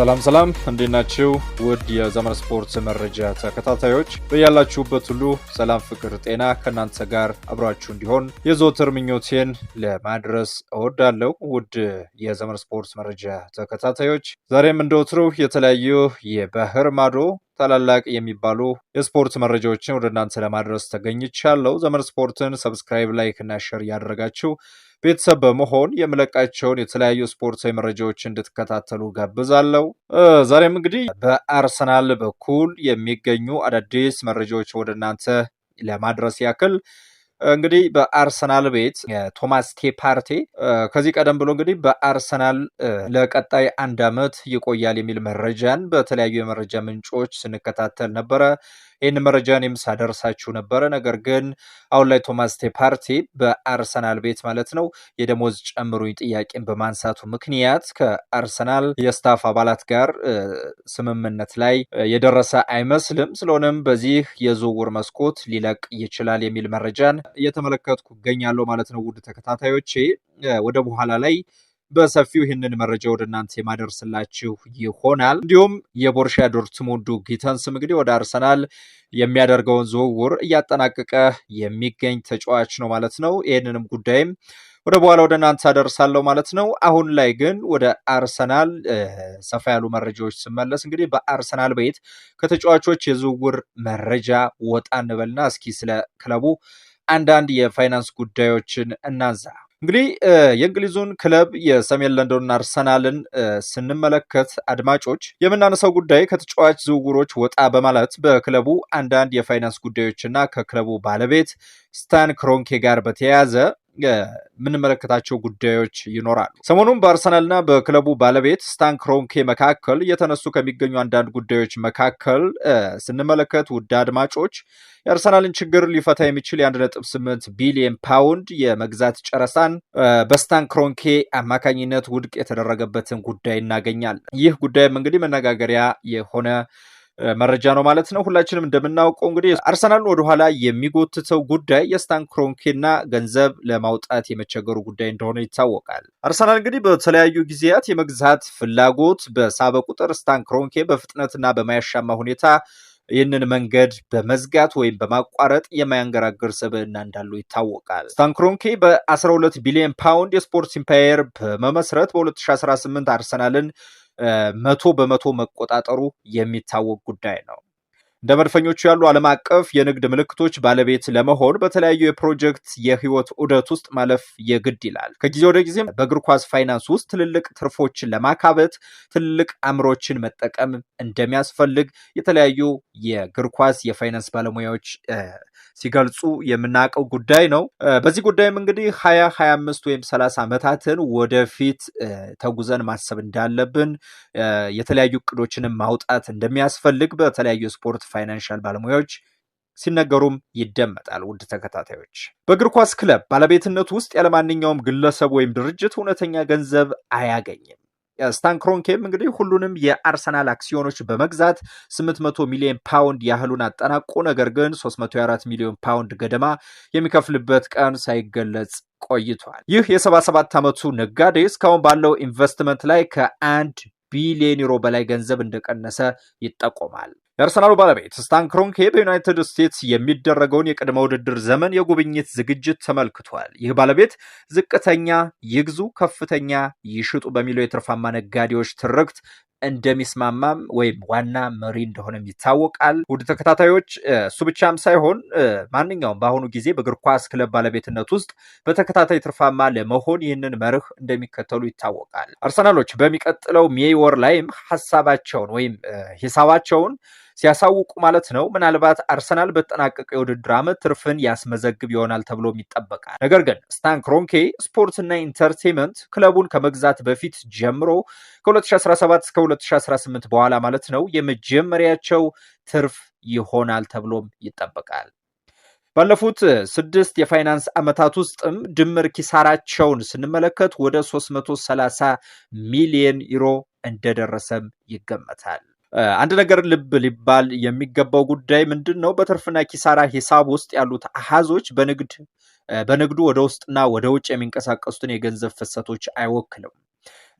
ሰላም ሰላም፣ እንዴት ናችሁ? ውድ የዘመን ስፖርት መረጃ ተከታታዮች በያላችሁበት ሁሉ ሰላም፣ ፍቅር፣ ጤና ከእናንተ ጋር አብራችሁ እንዲሆን የዞትር ምኞቴን ለማድረስ እወዳለሁ። ውድ የዘመን ስፖርት መረጃ ተከታታዮች ዛሬም እንደወትሩ የተለያዩ የባህር ማዶ ታላላቅ የሚባሉ የስፖርት መረጃዎችን ወደ እናንተ ለማድረስ ተገኝቻለሁ። ዘመን ስፖርትን ሰብስክራይብ፣ ላይክ እና ሸር ያደረጋችሁ ቤተሰብ በመሆን የምለቃቸውን የተለያዩ ስፖርታዊ መረጃዎች እንድትከታተሉ ጋብዛለሁ። ዛሬም እንግዲህ በአርሰናል በኩል የሚገኙ አዳዲስ መረጃዎች ወደ እናንተ ለማድረስ ያክል እንግዲህ በአርሰናል ቤት ቶማስ ቴፓርቴ ከዚህ ቀደም ብሎ እንግዲህ በአርሰናል ለቀጣይ አንድ ዓመት ይቆያል የሚል መረጃን በተለያዩ የመረጃ ምንጮች ስንከታተል ነበረ። ይህን መረጃ እኔም ሳደርሳችሁ ነበረ። ነገር ግን አሁን ላይ ቶማስ ፓርቲ በአርሰናል ቤት ማለት ነው የደሞዝ ጨምሩኝ ጥያቄን በማንሳቱ ምክንያት ከአርሰናል የስታፍ አባላት ጋር ስምምነት ላይ የደረሰ አይመስልም። ስለሆነም በዚህ የዝውውር መስኮት ሊለቅ ይችላል የሚል መረጃን እየተመለከትኩ እገኛለሁ ማለት ነው። ውድ ተከታታዮቼ ወደ በኋላ ላይ በሰፊው ይህንን መረጃ ወደ እናንተ የማደርስላችሁ ይሆናል። እንዲሁም የቦርሻ ዶርትሙንዱ ጊተንስም እንግዲህ ወደ አርሰናል የሚያደርገውን ዝውውር እያጠናቀቀ የሚገኝ ተጫዋች ነው ማለት ነው። ይህንንም ጉዳይም ወደ በኋላ ወደ እናንተ አደርሳለሁ ማለት ነው። አሁን ላይ ግን ወደ አርሰናል ሰፋ ያሉ መረጃዎች ስመለስ እንግዲህ በአርሰናል ቤት ከተጫዋቾች የዝውውር መረጃ ወጣ እንበልና እስኪ ስለ ክለቡ አንዳንድ የፋይናንስ ጉዳዮችን እናንሳ። እንግዲህ የእንግሊዙን ክለብ የሰሜን ለንደኑን አርሰናልን ስንመለከት አድማጮች የምናነሳው ጉዳይ ከተጫዋች ዝውውሮች ወጣ በማለት በክለቡ አንዳንድ የፋይናንስ ጉዳዮችና ከክለቡ ባለቤት ስታን ክሮንኬ ጋር በተያያዘ የምንመለከታቸው ጉዳዮች ይኖራሉ። ሰሞኑን በአርሰናልና በክለቡ ባለቤት ስታን ክሮንኬ መካከል እየተነሱ ከሚገኙ አንዳንድ ጉዳዮች መካከል ስንመለከት ውድ አድማጮች የአርሰናልን ችግር ሊፈታ የሚችል የ1.8 ቢሊዮን ፓውንድ የመግዛት ጨረሳን በስታን ክሮንኬ አማካኝነት ውድቅ የተደረገበትን ጉዳይ እናገኛለን። ይህ ጉዳይም እንግዲህ መነጋገሪያ የሆነ መረጃ ነው ማለት ነው። ሁላችንም እንደምናውቀው እንግዲህ አርሰናልን ወደኋላ የሚጎትተው ጉዳይ የስታን ክሮንኬና ገንዘብ ለማውጣት የመቸገሩ ጉዳይ እንደሆነ ይታወቃል። አርሰናል እንግዲህ በተለያዩ ጊዜያት የመግዛት ፍላጎት በሳበ ቁጥር ስታን ክሮንኬ በፍጥነትና በማያሻማ ሁኔታ ይህንን መንገድ በመዝጋት ወይም በማቋረጥ የማያንገራግር ስብዕና እንዳለው ይታወቃል። ስታንክሮንኬ በ12 ቢሊዮን ፓውንድ የስፖርት ኢምፓየር በመመስረት በ2018 አርሰናልን መቶ በመቶ መቆጣጠሩ የሚታወቅ ጉዳይ ነው። እንደ መድፈኞቹ ያሉ ዓለም አቀፍ የንግድ ምልክቶች ባለቤት ለመሆን በተለያዩ የፕሮጀክት የህይወት ዑደት ውስጥ ማለፍ የግድ ይላል። ከጊዜ ወደ ጊዜም በእግር ኳስ ፋይናንስ ውስጥ ትልልቅ ትርፎችን ለማካበት ትልልቅ አእምሮችን መጠቀም እንደሚያስፈልግ የተለያዩ የእግር ኳስ የፋይናንስ ባለሙያዎች ሲገልጹ የምናውቀው ጉዳይ ነው። በዚህ ጉዳይም እንግዲህ ሀያ ሀያ አምስት ወይም ሰላሳ ዓመታትን ወደፊት ተጉዘን ማሰብ እንዳለብን የተለያዩ እቅዶችንም ማውጣት እንደሚያስፈልግ በተለያዩ ስፖርት ፋይናንሻል ባለሙያዎች ሲነገሩም ይደመጣል። ውድ ተከታታዮች በእግር ኳስ ክለብ ባለቤትነት ውስጥ ያለማንኛውም ግለሰብ ወይም ድርጅት እውነተኛ ገንዘብ አያገኝም። ስታን ክሮንኬም እንግዲህ ሁሉንም የአርሰናል አክሲዮኖች በመግዛት 800 ሚሊዮን ፓውንድ ያህሉን አጠናቁ ነገር ግን 304 ሚሊዮን ፓውንድ ገደማ የሚከፍልበት ቀን ሳይገለጽ ቆይቷል። ይህ የ77 ዓመቱ ነጋዴ እስካሁን ባለው ኢንቨስትመንት ላይ ከአንድ ቢሊዮን ዩሮ በላይ ገንዘብ እንደቀነሰ ይጠቆማል። የአርሰናሉ ባለቤት ስታን ክሮንኬ በዩናይትድ ስቴትስ የሚደረገውን የቅድመ ውድድር ዘመን የጉብኝት ዝግጅት ተመልክቷል። ይህ ባለቤት ዝቅተኛ ይግዙ ከፍተኛ ይሽጡ በሚለው የትርፋማ ነጋዴዎች ትርክት እንደሚስማማም ወይም ዋና መሪ እንደሆነም ይታወቃል። ውድ ተከታታዮች፣ እሱ ብቻም ሳይሆን ማንኛውም በአሁኑ ጊዜ በእግር ኳስ ክለብ ባለቤትነት ውስጥ በተከታታይ ትርፋማ ለመሆን ይህንን መርህ እንደሚከተሉ ይታወቃል። አርሰናሎች በሚቀጥለው ሜይ ወር ላይም ሀሳባቸውን ወይም ሂሳባቸውን ሲያሳውቁ ማለት ነው። ምናልባት አርሰናል በተጠናቀቀ የውድድር ዓመት ትርፍን ያስመዘግብ ይሆናል ተብሎም ይጠበቃል። ነገር ግን ስታን ክሮንኬ ስፖርትና ኢንተርቴንመንት ክለቡን ከመግዛት በፊት ጀምሮ ከ2017 እስከ 2018 በኋላ ማለት ነው የመጀመሪያቸው ትርፍ ይሆናል ተብሎም ይጠበቃል። ባለፉት ስድስት የፋይናንስ ዓመታት ውስጥም ድምር ኪሳራቸውን ስንመለከት ወደ 330 ሚሊዮን ዩሮ እንደደረሰም ይገመታል። አንድ ነገር ልብ ሊባል የሚገባው ጉዳይ ምንድን ነው? በትርፍና ኪሳራ ሂሳብ ውስጥ ያሉት አሃዞች በንግድ በንግዱ ወደ ውስጥና ወደ ውጭ የሚንቀሳቀሱትን የገንዘብ ፍሰቶች አይወክልም።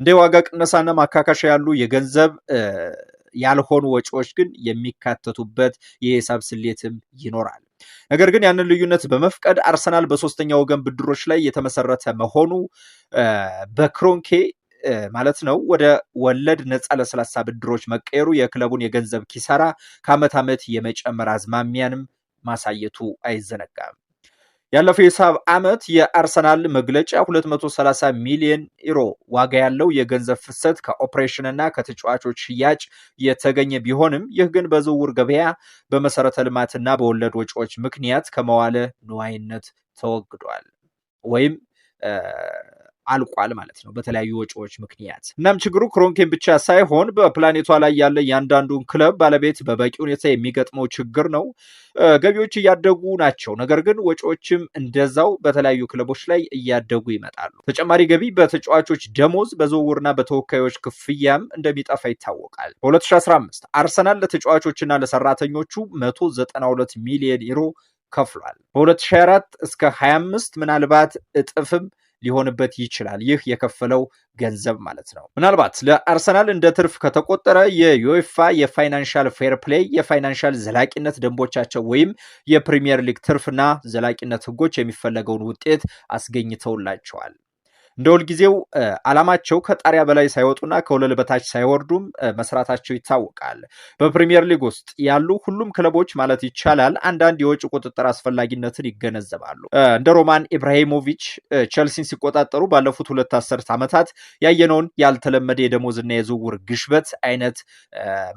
እንደ ዋጋ ቅነሳና ማካካሻ ያሉ የገንዘብ ያልሆኑ ወጪዎች ግን የሚካተቱበት የሂሳብ ስሌትም ይኖራል። ነገር ግን ያንን ልዩነት በመፍቀድ አርሰናል በሶስተኛ ወገን ብድሮች ላይ የተመሰረተ መሆኑ በክሮንኬ ማለት ነው ወደ ወለድ ነፃ ለስላሳ ብድሮች መቀየሩ የክለቡን የገንዘብ ኪሳራ ከዓመት ዓመት የመጨመር አዝማሚያንም ማሳየቱ አይዘነጋም። ያለፈው የሂሳብ ዓመት የአርሰናል መግለጫ 230 ሚሊዮን ዩሮ ዋጋ ያለው የገንዘብ ፍሰት ከኦፕሬሽንና ከተጫዋቾች ሽያጭ የተገኘ ቢሆንም ይህ ግን በዝውውር ገበያ በመሰረተ ልማትና በወለድ ወጪዎች ምክንያት ከመዋለ ንዋይነት ተወግዷል ወይም አልቋል ማለት ነው በተለያዩ ወጪዎች ምክንያት። እናም ችግሩ ክሮንኬን ብቻ ሳይሆን በፕላኔቷ ላይ ያለ እያንዳንዱን ክለብ ባለቤት በበቂ ሁኔታ የሚገጥመው ችግር ነው። ገቢዎች እያደጉ ናቸው፣ ነገር ግን ወጪዎችም እንደዛው በተለያዩ ክለቦች ላይ እያደጉ ይመጣሉ። ተጨማሪ ገቢ በተጫዋቾች ደሞዝ፣ በዝውውርና በተወካዮች ክፍያም እንደሚጠፋ ይታወቃል። በ2015 አርሰናል ለተጫዋቾችና ለሰራተኞቹ 192 ሚሊዮን ዩሮ ከፍሏል። በ2024 እስከ 25 ምናልባት እጥፍም ሊሆንበት ይችላል። ይህ የከፈለው ገንዘብ ማለት ነው። ምናልባት ለአርሰናል እንደ ትርፍ ከተቆጠረ የዩኤፋ የፋይናንሻል ፌር ፕሌይ የፋይናንሻል ዘላቂነት ደንቦቻቸው ወይም የፕሪሚየር ሊግ ትርፍና ዘላቂነት ህጎች የሚፈለገውን ውጤት አስገኝተውላቸዋል። እንደ ሁልጊዜው አላማቸው ከጣሪያ በላይ ሳይወጡና ከወለል በታች ሳይወርዱም መስራታቸው ይታወቃል። በፕሪሚየር ሊግ ውስጥ ያሉ ሁሉም ክለቦች ማለት ይቻላል አንዳንድ የወጪ ቁጥጥር አስፈላጊነትን ይገነዘባሉ። እንደ ሮማን ኢብራሂሞቪች ቸልሲን ሲቆጣጠሩ ባለፉት ሁለት አስርት ዓመታት ያየነውን ያልተለመደ የደሞዝና የዝውውር ግሽበት አይነት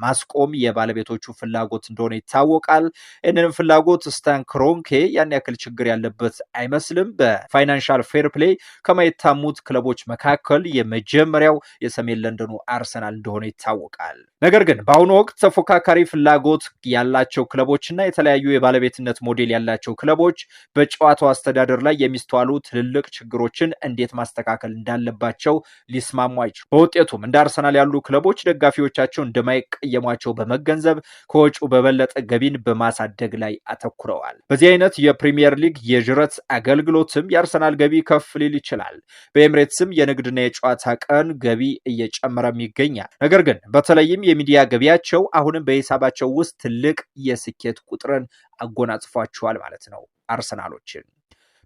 ማስቆም የባለቤቶቹ ፍላጎት እንደሆነ ይታወቃል። ይህንንም ፍላጎት ስታን ክሮንኬ ያን ያክል ችግር ያለበት አይመስልም። በፋይናንሻል ፌር ፕሌይ ከማይታሙ ከሆኑት ክለቦች መካከል የመጀመሪያው የሰሜን ለንደኑ አርሰናል እንደሆነ ይታወቃል። ነገር ግን በአሁኑ ወቅት ተፎካካሪ ፍላጎት ያላቸው ክለቦችና የተለያዩ የባለቤትነት ሞዴል ያላቸው ክለቦች በጨዋታው አስተዳደር ላይ የሚስተዋሉ ትልልቅ ችግሮችን እንዴት ማስተካከል እንዳለባቸው ሊስማሙ አይችሉ። በውጤቱም እንደ አርሰናል ያሉ ክለቦች ደጋፊዎቻቸው እንደማይቀየሟቸው በመገንዘብ ከወጪው በበለጠ ገቢን በማሳደግ ላይ አተኩረዋል። በዚህ አይነት የፕሪሚየር ሊግ የጅረት አገልግሎትም የአርሰናል ገቢ ከፍ ሊል ይችላል። በኤምሬትስም የንግድና የጨዋታ ቀን ገቢ እየጨመረም ይገኛል። ነገር ግን በተለይም የሚዲያ ገቢያቸው አሁንም በሂሳባቸው ውስጥ ትልቅ የስኬት ቁጥርን አጎናጽፏቸዋል ማለት ነው አርሰናሎችን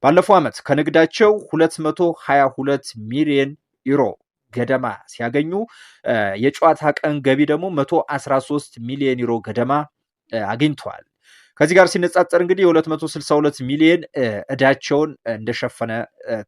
ባለፈው ዓመት ከንግዳቸው 222 ሚሊዮን ዩሮ ገደማ ሲያገኙ የጨዋታ ቀን ገቢ ደግሞ 113 ሚሊዮን ዩሮ ገደማ አግኝተዋል። ከዚህ ጋር ሲነጻጸር እንግዲህ የ262 ሚሊዮን እዳቸውን እንደሸፈነ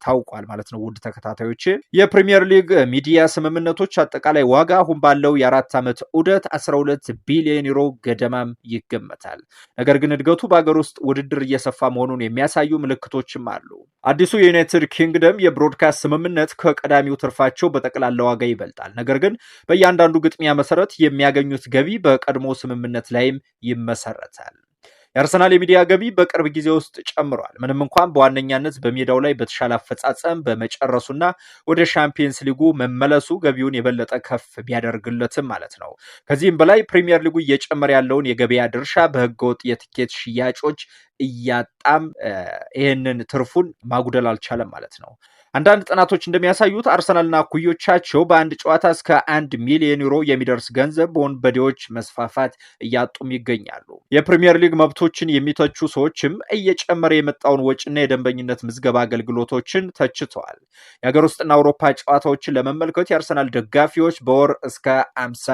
ታውቋል ማለት ነው። ውድ ተከታታዮች የፕሪሚየር ሊግ ሚዲያ ስምምነቶች አጠቃላይ ዋጋ አሁን ባለው የአራት ዓመት ዑደት 12 ቢሊዮን ዩሮ ገደማም ይገመታል። ነገር ግን እድገቱ በሀገር ውስጥ ውድድር እየሰፋ መሆኑን የሚያሳዩ ምልክቶችም አሉ። አዲሱ የዩናይትድ ኪንግደም የብሮድካስት ስምምነት ከቀዳሚው ትርፋቸው በጠቅላላ ዋጋ ይበልጣል። ነገር ግን በእያንዳንዱ ግጥሚያ መሰረት የሚያገኙት ገቢ በቀድሞ ስምምነት ላይም ይመሰረታል። የአርሰናል የሚዲያ ገቢ በቅርብ ጊዜ ውስጥ ጨምሯል። ምንም እንኳን በዋነኛነት በሜዳው ላይ በተሻለ አፈጻጸም በመጨረሱና ወደ ሻምፒየንስ ሊጉ መመለሱ ገቢውን የበለጠ ከፍ ቢያደርግለትም ማለት ነው። ከዚህም በላይ ፕሪሚየር ሊጉ እየጨመረ ያለውን የገበያ ድርሻ በህገወጥ የትኬት ሽያጮች እያጣም ይህንን ትርፉን ማጉደል አልቻለም ማለት ነው። አንዳንድ ጥናቶች እንደሚያሳዩት አርሰናልና ኩዮቻቸው በአንድ ጨዋታ እስከ አንድ ሚሊዮን ዩሮ የሚደርስ ገንዘብ በወንበዴዎች መስፋፋት እያጡም ይገኛሉ። የፕሪምየር ሊግ መብቶችን የሚተቹ ሰዎችም እየጨመረ የመጣውን ወጪና የደንበኝነት ምዝገባ አገልግሎቶችን ተችተዋል። የሀገር ውስጥና አውሮፓ ጨዋታዎችን ለመመልከት የአርሰናል ደጋፊዎች በወር እስከ አምሳ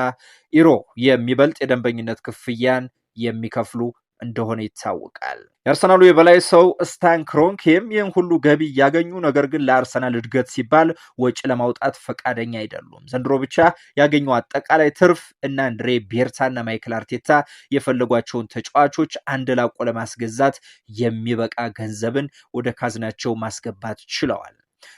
ዩሮ የሚበልጥ የደንበኝነት ክፍያን የሚከፍሉ እንደሆነ ይታወቃል። የአርሰናሉ የበላይ ሰው ስታን ክሮንኬም ይህን ሁሉ ገቢ እያገኙ ነገር ግን ለአርሰናል እድገት ሲባል ወጪ ለማውጣት ፈቃደኛ አይደሉም። ዘንድሮ ብቻ ያገኘው አጠቃላይ ትርፍ እና አንድሬ ቤርታና ማይክል አርቴታ የፈለጓቸውን ተጫዋቾች አንድ ላቆ ለማስገዛት የሚበቃ ገንዘብን ወደ ካዝናቸው ማስገባት ችለዋል።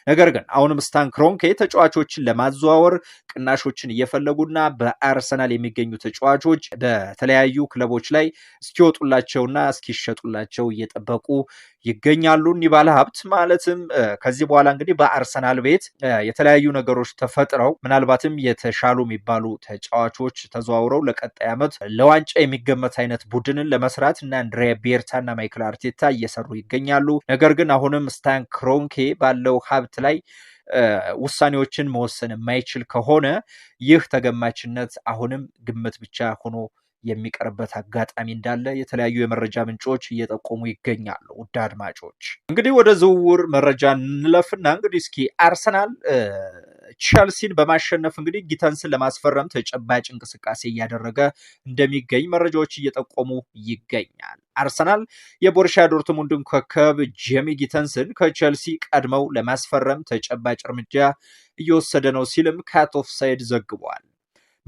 ነገር ግን አሁንም ስታን ክሮንኬ ተጫዋቾችን ለማዘዋወር ቅናሾችን እየፈለጉና በአርሰናል የሚገኙ ተጫዋቾች በተለያዩ ክለቦች ላይ እስኪወጡላቸውና እስኪሸጡላቸው እየጠበቁ ይገኛሉ። እኒህ ሀብት ማለትም ከዚህ በኋላ እንግዲህ በአርሰናል ቤት የተለያዩ ነገሮች ተፈጥረው ምናልባትም የተሻሉ የሚባሉ ተጫዋቾች ተዘዋውረው ለቀጣይ ዓመት ለዋንጫ የሚገመት አይነት ቡድንን ለመስራት እና አንድሬ ቤርታ እና ማይክል አርቴታ እየሰሩ ይገኛሉ። ነገር ግን አሁንም ስታን ክሮንኬ ባለው ሀብት ላይ ውሳኔዎችን መወሰን የማይችል ከሆነ ይህ ተገማችነት አሁንም ግምት ብቻ ሆኖ የሚቀርበት አጋጣሚ እንዳለ የተለያዩ የመረጃ ምንጮች እየጠቆሙ ይገኛሉ። ውድ አድማጮች እንግዲህ ወደ ዝውውር መረጃ እንለፍና እንግዲህ እስኪ አርሰናል ቸልሲን በማሸነፍ እንግዲህ ጊተንስን ለማስፈረም ተጨባጭ እንቅስቃሴ እያደረገ እንደሚገኝ መረጃዎች እየጠቆሙ ይገኛል። አርሰናል የቦርሻ ዶርትሙንድን ኮከብ ጄሚ ጊተንስን ከቸልሲ ቀድመው ለማስፈረም ተጨባጭ እርምጃ እየወሰደ ነው ሲልም ካት ኦፍ ሳይድ ዘግቧል።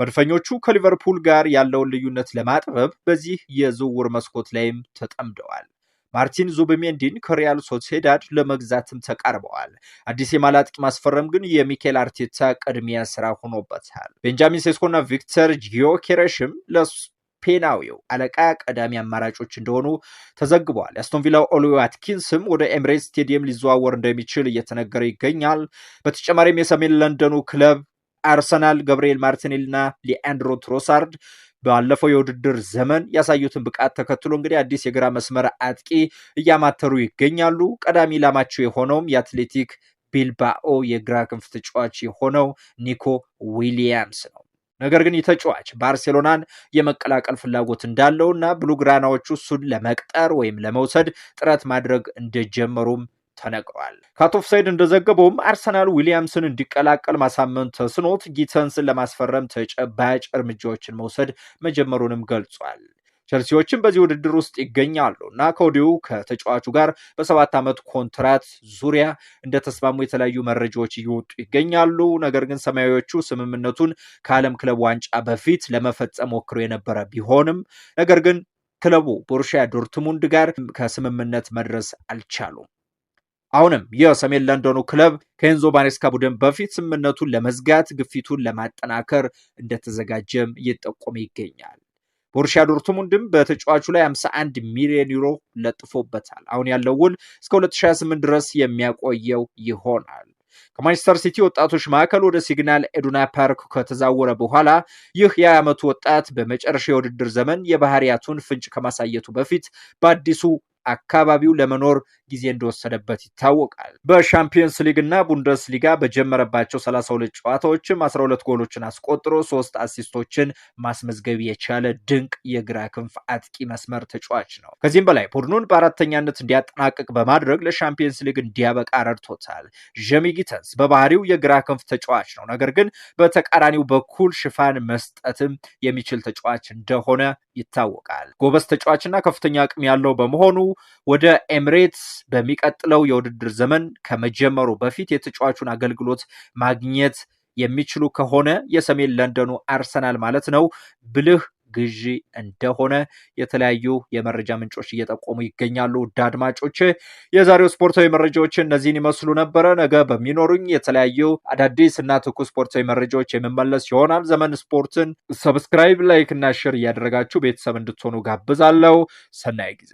መድፈኞቹ ከሊቨርፑል ጋር ያለውን ልዩነት ለማጥበብ በዚህ የዝውውር መስኮት ላይም ተጠምደዋል። ማርቲን ዙብሜንዲን ከሪያል ሶሴዳድ ለመግዛትም ተቃርበዋል። አዲስ አጥቂ ማስፈረም ግን የሚኬል አርቴታ ቅድሚያ ስራ ሆኖበታል። ቤንጃሚን ሴስኮና ቪክተር ጊዮኬረሽም ለስፔናዊው አለቃ ቀዳሚ አማራጮች እንደሆኑ ተዘግበዋል። የአስቶን ቪላ ኦሊ አትኪንስም ወደ ኤምሬት ስቴዲየም ሊዘዋወር እንደሚችል እየተነገረ ይገኛል። በተጨማሪም የሰሜን ለንደኑ ክለብ አርሰናል ገብርኤል ማርቲኔል እና ሊአንድሮ ትሮሳርድ ባለፈው የውድድር ዘመን ያሳዩትን ብቃት ተከትሎ እንግዲህ አዲስ የግራ መስመር አጥቂ እያማተሩ ይገኛሉ። ቀዳሚ ኢላማቸው የሆነውም የአትሌቲክ ቢልባኦ የግራ ክንፍ ተጫዋች የሆነው ኒኮ ዊሊያምስ ነው። ነገር ግን የተጫዋች ባርሴሎናን የመቀላቀል ፍላጎት እንዳለውና ብሉግራናዎቹ እሱን ለመቅጠር ወይም ለመውሰድ ጥረት ማድረግ እንደጀመሩም ተነግሯል። ካቶፍ ሳይድ እንደዘገበውም አርሰናል ዊሊያምስን እንዲቀላቀል ማሳመን ተስኖት ጊተንስን ለማስፈረም ተጨባጭ እርምጃዎችን መውሰድ መጀመሩንም ገልጿል። ቸልሲዎችም በዚህ ውድድር ውስጥ ይገኛሉ እና ከወዲሁ ከተጫዋቹ ጋር በሰባት ዓመት ኮንትራት ዙሪያ እንደተስማሙ የተለያዩ መረጃዎች እየወጡ ይገኛሉ። ነገር ግን ሰማያዊዎቹ ስምምነቱን ከዓለም ክለብ ዋንጫ በፊት ለመፈጸም ወክሮ የነበረ ቢሆንም ነገር ግን ክለቡ ቦሩሺያ ዶርትሙንድ ጋር ከስምምነት መድረስ አልቻሉም። አሁንም የሰሜን ለንደኑ ክለብ ከኤንዞ ማሬስካ ቡድን በፊት ስምምነቱን ለመዝጋት ግፊቱን ለማጠናከር እንደተዘጋጀም እየጠቆመ ይገኛል። ቦሩሺያ ዶርትሙንድም በተጫዋቹ ላይ 51 ሚሊዮን ዩሮ ለጥፎበታል። አሁን ያለው ውል እስከ 2028 ድረስ የሚያቆየው ይሆናል። ከማንቸስተር ሲቲ ወጣቶች መካከል ወደ ሲግናል ኤዱና ፓርክ ከተዛወረ በኋላ ይህ የዓመቱ ወጣት በመጨረሻ የውድድር ዘመን የባህሪያቱን ፍንጭ ከማሳየቱ በፊት በአዲሱ አካባቢው ለመኖር ጊዜ እንደወሰደበት ይታወቃል። በሻምፒየንስ ሊግ እና ሊጋ በጀመረባቸው 32 ጨዋታዎችም 12 ጎሎችን አስቆጥሮ ሶስት አሲስቶችን ማስመዝገብ የቻለ ድንቅ የግራ ክንፍ አጥቂ መስመር ተጫዋች ነው። ከዚህም በላይ ቡድኑን በአራተኛነት እንዲያጠናቅቅ በማድረግ ለሻምፒየንስ ሊግ እንዲያበቃ ረድቶታል። ጀሚ ጊተንስ በባህሪው የግራ ክንፍ ተጫዋች ነው፣ ነገር ግን በተቃራኒው በኩል ሽፋን መስጠትም የሚችል ተጫዋች እንደሆነ ይታወቃል። ጎበዝ ተጫዋችና ከፍተኛ አቅም ያለው በመሆኑ ወደ ኤምሬትስ በሚቀጥለው የውድድር ዘመን ከመጀመሩ በፊት የተጫዋቹን አገልግሎት ማግኘት የሚችሉ ከሆነ የሰሜን ለንደኑ አርሰናል ማለት ነው ብልህ ግዢ እንደሆነ የተለያዩ የመረጃ ምንጮች እየጠቆሙ ይገኛሉ። ውድ አድማጮች የዛሬው ስፖርታዊ መረጃዎች እነዚህን ይመስሉ ነበረ። ነገ በሚኖሩኝ የተለያዩ አዳዲስ እና ትኩስ ስፖርታዊ መረጃዎች የምመለስ ይሆናል። ዘመን ስፖርትን ሰብስክራይብ፣ ላይክ እና ሼር እያደረጋችሁ ቤተሰብ እንድትሆኑ ጋብዛለሁ። ሰናይ ጊዜ